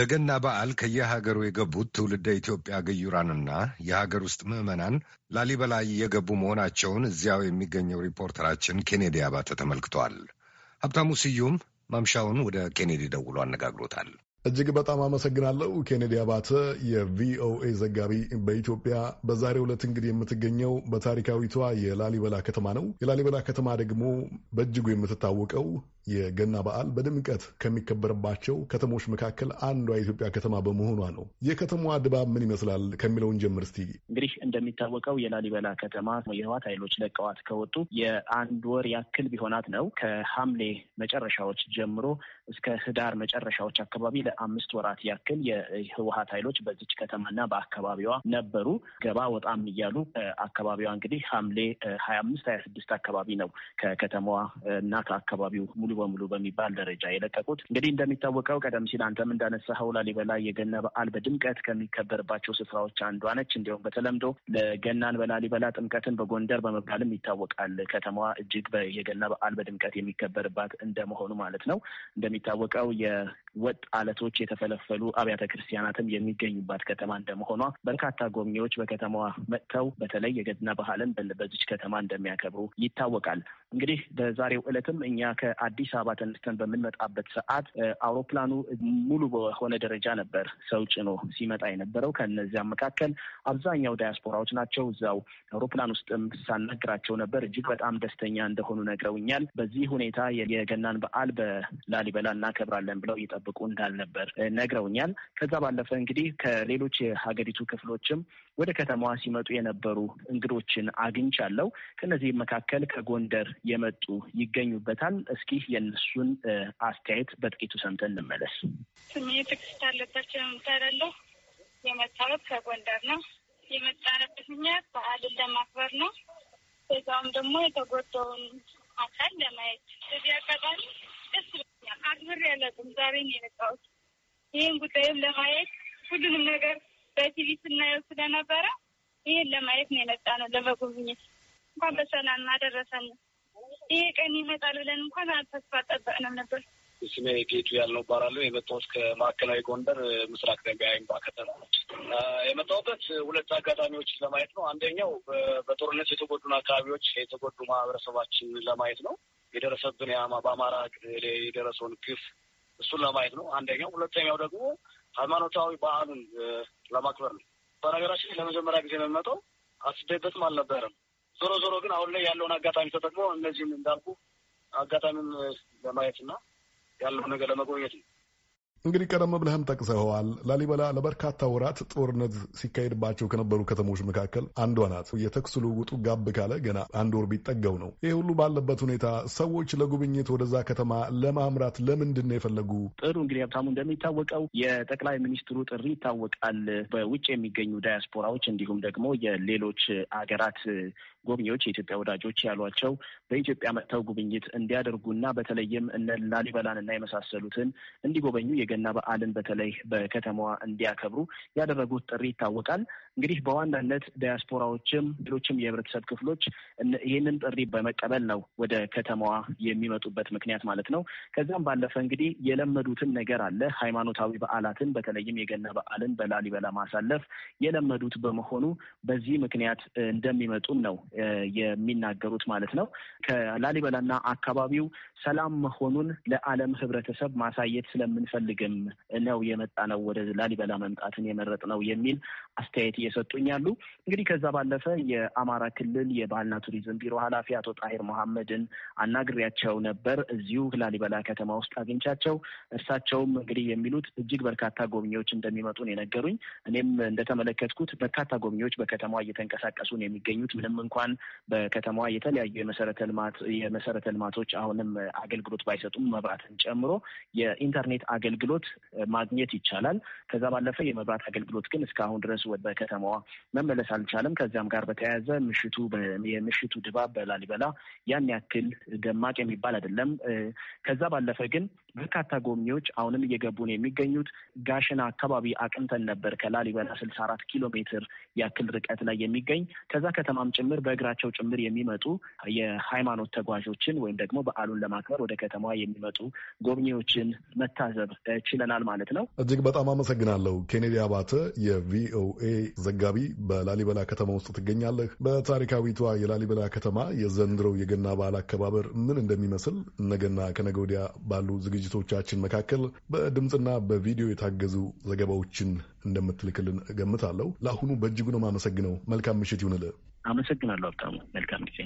ለገና በዓል ከየሀገሩ የገቡት ትውልደ ኢትዮጵያ ግዩራንና የሀገር ውስጥ ምዕመናን ላሊበላ እየገቡ መሆናቸውን እዚያው የሚገኘው ሪፖርተራችን ኬኔዲ አባተ ተመልክቷል። ሀብታሙ ስዩም ማምሻውን ወደ ኬኔዲ ደውሎ አነጋግሮታል። እጅግ በጣም አመሰግናለሁ ኬኔዲ አባተ፣ የቪኦኤ ዘጋቢ በኢትዮጵያ በዛሬው ዕለት እንግዲህ የምትገኘው በታሪካዊቷ የላሊበላ ከተማ ነው። የላሊበላ ከተማ ደግሞ በእጅጉ የምትታወቀው የገና በዓል በድምቀት ከሚከበርባቸው ከተሞች መካከል አንዷ የኢትዮጵያ ከተማ በመሆኗ ነው። የከተማዋ ድባብ ምን ይመስላል ከሚለውን ጀምር እስቲ። እንግዲህ እንደሚታወቀው የላሊበላ ከተማ የህዋት ኃይሎች ለቀዋት ከወጡ የአንድ ወር ያክል ቢሆናት ነው። ከሐምሌ መጨረሻዎች ጀምሮ እስከ ህዳር መጨረሻዎች አካባቢ ለአምስት ወራት ያክል የህወሀት ኃይሎች በዚች ከተማና በአካባቢዋ ነበሩ። ገባ ወጣም እያሉ አካባቢዋ እንግዲህ ሐምሌ ሀያ አምስት ሀያ ስድስት አካባቢ ነው ከከተማዋ እና ከአካባቢው ሙሉ በሙሉ በሚባል ደረጃ የለቀቁት። እንግዲህ እንደሚታወቀው ቀደም ሲል አንተም እንዳነሳኸው ላሊበላ የገና በዓል በድምቀት ከሚከበርባቸው ስፍራዎች አንዷ ነች። እንዲሁም በተለምዶ ለገናን በላሊበላ ጥምቀትን በጎንደር በመባልም ይታወቃል። ከተማዋ እጅግ የገና በዓል በድምቀት የሚከበርባት እንደመሆኑ ማለት ነው። እንደሚታወቀው የወጥ አለቶች የተፈለፈሉ አብያተ ክርስቲያናትም የሚገኙባት ከተማ እንደመሆኗ በርካታ ጎብኚዎች በከተማዋ መጥተው በተለይ የገና ባህልን በዚች ከተማ እንደሚያከብሩ ይታወቃል። እንግዲህ በዛሬው ዕለትም እኛ ከአዲስ አዲስ አበባ ተነስተን በምንመጣበት ሰዓት አውሮፕላኑ ሙሉ በሆነ ደረጃ ነበር ሰው ጭኖ ሲመጣ የነበረው። ከነዚያ መካከል አብዛኛው ዳያስፖራዎች ናቸው። እዛው አውሮፕላን ውስጥም ሳናግራቸው ነበር። እጅግ በጣም ደስተኛ እንደሆኑ ነግረውኛል። በዚህ ሁኔታ የገናን በዓል በላሊበላ እናከብራለን ብለው እየጠብቁ እንዳልነበር ነግረውኛል። ከዛ ባለፈ እንግዲህ ከሌሎች የሀገሪቱ ክፍሎችም ወደ ከተማዋ ሲመጡ የነበሩ እንግዶችን አግኝቻለሁ። ከነዚህ መካከል ከጎንደር የመጡ ይገኙበታል። እስኪ የእነሱን አስተያየት በጥቂቱ ሰምተን እንመለስ። ስሜ ትዕግስት አለባቸው የምታላለሁ። የመጣሁት ከጎንደር ነው። የመጣንበት ምክንያት በዓልን ለማክበር ነው። በዛውም ደግሞ የተጎዳውን አካል ለማየት እዚህ አጋጣሚ ደስ ብሎኛል። አክብር አላውቅም። ዛሬ ነው የመጣሁት። ይህን ጉዳይም ለማየት ሁሉንም ነገር በቲቪ ስናየው ስለነበረ ይህን ለማየት ነው የመጣ ነው፣ ለመጎብኘት። እንኳን በሰላም አደረሰን። ይሄ ቀን ይመጣል ብለን እንኳን ተስፋ ጠበቅንም ነበር። ስሜ ጌቱ ያልነው እባላለሁ። የመጣሁት ከማዕከላዊ ጎንደር ምስራቅ ደንቢያ ይምባ ከተማ የመጣሁበት ሁለት አጋጣሚዎች ለማየት ነው። አንደኛው በጦርነት የተጎዱን አካባቢዎች የተጎዱ ማህበረሰባችን ለማየት ነው። የደረሰብን በአማራ የደረሰውን ግፍ እሱን ለማየት ነው አንደኛው። ሁለተኛው ደግሞ ሃይማኖታዊ በዓሉን ለማክበር ነው። በነገራችን ለመጀመሪያ ጊዜ የምመጣው አስቤበትም አልነበረም። ዞሮ ዞሮ ግን አሁን ላይ ያለውን አጋጣሚ ተጠቅሞ እነዚህም እንዳልኩ አጋጣሚም ለማየት እና ያለውን ነገር ለመጎብኘት ነው። እንግዲህ ቀደም ብለህም ጠቅሰኸዋል። ላሊበላ ለበርካታ ወራት ጦርነት ሲካሄድባቸው ከነበሩ ከተሞች መካከል አንዷ ናት። የተኩስ ልውውጡ ጋብ ካለ ገና አንድ ወር ቢጠጋው ነው። ይህ ሁሉ ባለበት ሁኔታ ሰዎች ለጉብኝት ወደዛ ከተማ ለማምራት ለምንድን ነው የፈለጉ? ጥሩ እንግዲህ ሀብታሙ፣ እንደሚታወቀው የጠቅላይ ሚኒስትሩ ጥሪ ይታወቃል። በውጭ የሚገኙ ዳያስፖራዎች እንዲሁም ደግሞ የሌሎች አገራት ጎብኚዎች የኢትዮጵያ ወዳጆች ያሏቸው በኢትዮጵያ መጥተው ጉብኝት እንዲያደርጉና በተለይም እነ ላሊበላን እና የመሳሰሉትን እንዲጎበኙ የገና በዓልን በተለይ በከተማዋ እንዲያከብሩ ያደረጉት ጥሪ ይታወቃል። እንግዲህ በዋናነት ዲያስፖራዎችም ሌሎችም የህብረተሰብ ክፍሎች ይህንን ጥሪ በመቀበል ነው ወደ ከተማዋ የሚመጡበት ምክንያት ማለት ነው። ከዚያም ባለፈ እንግዲህ የለመዱትን ነገር አለ ሃይማኖታዊ በዓላትን በተለይም የገና በዓልን በላሊበላ ማሳለፍ የለመዱት በመሆኑ በዚህ ምክንያት እንደሚመጡም ነው የሚናገሩት ማለት ነው። ከላሊበላና አካባቢው ሰላም መሆኑን ለዓለም ህብረተሰብ ማሳየት ስለምንፈልግ አንፈልግም ነው የመጣ ነው ወደ ላሊበላ መምጣትን የመረጥ ነው የሚል አስተያየት እየሰጡኝ ያሉ። እንግዲህ ከዛ ባለፈ የአማራ ክልል የባህልና ቱሪዝም ቢሮ ኃላፊ አቶ ጣሂር መሐመድን አናግሬያቸው ነበር እዚሁ ላሊበላ ከተማ ውስጥ አግኝቻቸው። እርሳቸውም እንግዲህ የሚሉት እጅግ በርካታ ጎብኚዎች እንደሚመጡ ነው የነገሩኝ። እኔም እንደተመለከትኩት በርካታ ጎብኚዎች በከተማዋ እየተንቀሳቀሱ ነው የሚገኙት። ምንም እንኳን በከተማዋ የተለያዩ የመሰረተ ልማት የመሰረተ ልማቶች አሁንም አገልግሎት ባይሰጡም መብራትን ጨምሮ የኢንተርኔት አገልግሎት አገልግሎት ማግኘት ይቻላል። ከዛ ባለፈ የመብራት አገልግሎት ግን እስካሁን ድረስ በከተማዋ መመለስ አልቻለም። ከዚያም ጋር በተያያዘ ምሽቱ የምሽቱ ድባብ በላሊበላ ያን ያክል ደማቅ የሚባል አይደለም። ከዛ ባለፈ ግን በርካታ ጎብኚዎች አሁንም እየገቡ ነው የሚገኙት። ጋሸና አካባቢ አቅንተን ነበር። ከላሊበላ ስልሳ አራት ኪሎ ሜትር ያክል ርቀት ላይ የሚገኝ ከዛ ከተማም ጭምር በእግራቸው ጭምር የሚመጡ የሃይማኖት ተጓዦችን ወይም ደግሞ በዓሉን ለማክበር ወደ ከተማዋ የሚመጡ ጎብኚዎችን መታዘብ ችለናል ማለት ነው። እጅግ በጣም አመሰግናለሁ። ኬኔዲ አባተ የቪኦኤ ዘጋቢ በላሊበላ ከተማ ውስጥ ትገኛለህ። በታሪካዊቷ የላሊበላ ከተማ የዘንድሮው የገና በዓል አከባበር ምን እንደሚመስል ነገና ከነገ ወዲያ ባሉ ዝግጅ ዝግጅቶቻችን መካከል በድምፅና በቪዲዮ የታገዙ ዘገባዎችን እንደምትልክልን እገምታለሁ። ለአሁኑ በእጅጉ ነው የማመሰግነው። መልካም ምሽት ይሁንልህ። አመሰግናለሁ ሀብታሙ። መልካም ጊዜ